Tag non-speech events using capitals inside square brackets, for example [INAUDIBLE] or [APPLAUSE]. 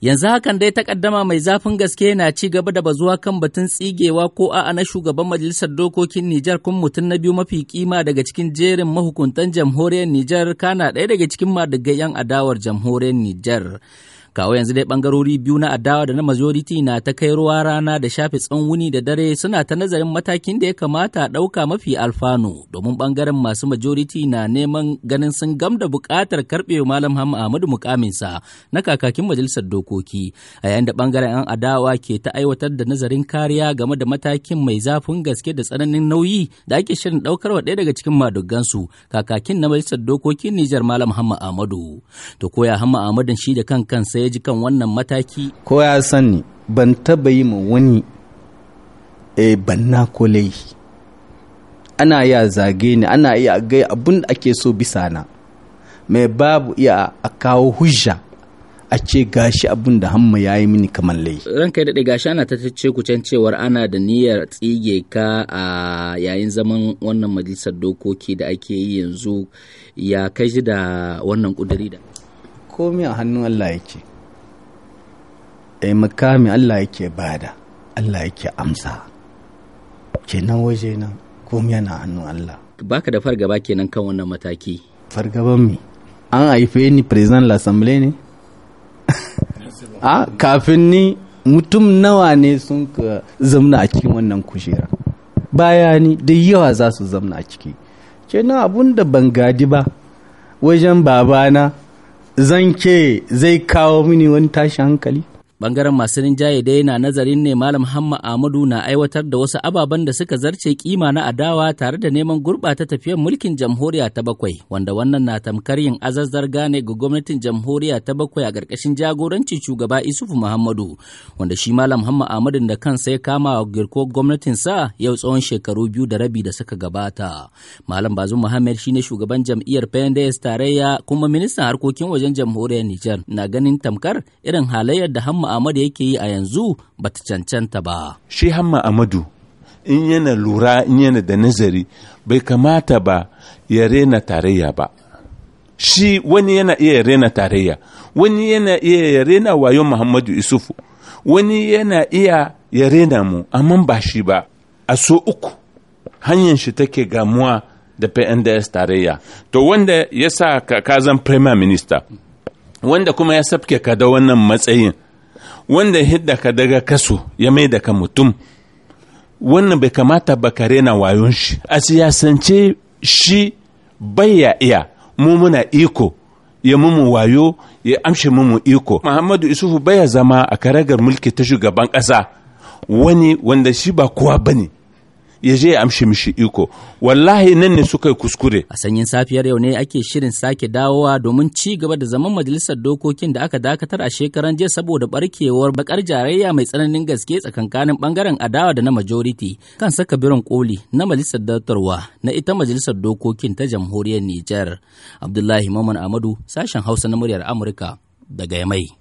Yanzu hakan dai takaddama mai zafin gaske na ci gaba da bazuwa kan batun tsigewa ko a'a na shugaban majalisar dokokin Nijar kun mutum na biyu mafi kima daga cikin jerin mahukuntan jamhuriyar Nijar kana ɗaya daga cikin madigayen adawar jamhuriyar Nijar. kawo yanzu dai bangarori biyu na adawa da na majority na ta kai ruwa rana da shafe tsanwuni da dare suna ta nazarin matakin da ya kamata ɗauka mafi alfanu domin bangaren masu majority na neman ganin sun gamda buƙatar karɓe malam ahmadu mukaminsa na kakakin majalisar dokoki a yayin da bangaren yan adawa ke ta aiwatar da nazarin kariya game da matakin mai zafin gaske da tsananin nauyi da ake shirin ɗaukar wa ɗaya daga cikin madugansu kakakin na majalisar dokokin nijar malam ahmadu to koya hamma ahmadin shi da kan kansa ya ji kan wannan mataki ko ya sani ban taba yi ma wani e banna ko laihi ana iya zage ni ana iya gai abin da ake so bisa na mai babu iya a kawo hujja a ce gashi abin da hamma ya yi mini kamar lai. Ranka daɗe gashi ana ta ku can cewar ana da niyyar tsige ka a yayin zaman wannan majalisar dokoki da ake yi yanzu ya kai da wannan ƙuduri da. Komi a hannun Allah yake. eh makami Allah yake bada Allah yake amsa kenan waje nan komai yana hannun Allah baka da fargaba kenan kan wannan mataki fargaban mi an haife ni president l'assemblée ne [LAUGHS] a kafin ni mutum nawa ne sun ka zamna a cikin wannan kujera ni da yawa za su zamna a ciki kenan abun da ban gadi ba wajen babana zan ke zai kawo mini wani tashi hankali Bangaren masu rinjaye dai na nazarin ne Malam Hamma Ahmadu na aiwatar da wasu ababen da suka zarce kima na adawa tare da neman gurɓata tafiyar mulkin jamhuriya ta bakwai, wanda wannan na tamkar yin azazzar gane ga gwamnatin jamhuriya ta bakwai a ƙarƙashin jagorancin shugaba Isufu Muhammadu, wanda shi Malam Hamma amadu da kansa ya kama wa girko sa yau tsawon shekaru biyu da rabi da suka gabata. Malam Bazu Muhammad shine shugaban jam'iyyar PNDS tarayya kuma ministan harkokin wajen jamhuriyar Nijar na ganin tamkar irin halayyar da Hamma Hamma yake yi a yanzu ba ta cancanta ba. Shi Hamma Amadu in yana lura in yana da nazari bai kamata ba ya rena tarayya ba. Shi wani yana iya rena tarayya, wani yana iya rena wayo Muhammadu Isufu, wani yana iya ya rena mu, amma ba shi ba. A so uku hanyar shi take gamuwa da PNDS tarayya. To wanda ya sa ka, ka zan Prime Minister, wanda kuma ya sabke ka da wannan matsayin wanda hidda ka daga kaso ya mai da ka mutum wannan bai kamata ba ka rena wayon shi a siyasance shi bai ya iya mu muna iko ya mumu wayo ya amshe mumu iko muhammadu isufu baya zama a karagar mulki ta shugaban ƙasa wani wanda shi ba kowa bane ya je ya amshi mishi iko wallahi nan ne suka yi kuskure a sanyin safiyar yau ne ake shirin sake dawowa domin ci gaba da zaman majalisar dokokin da aka dakatar a shekaran jiya saboda barkewar bakar jarayya mai tsananin gaske tsakankanin bangaren adawa da na majority kan saka biran koli na majalisar dattarwa na ita majalisar dokokin ta jamhuriyar Nijar Abdullahi Maman Amadu sashen Hausa na muryar Amurka daga Yamai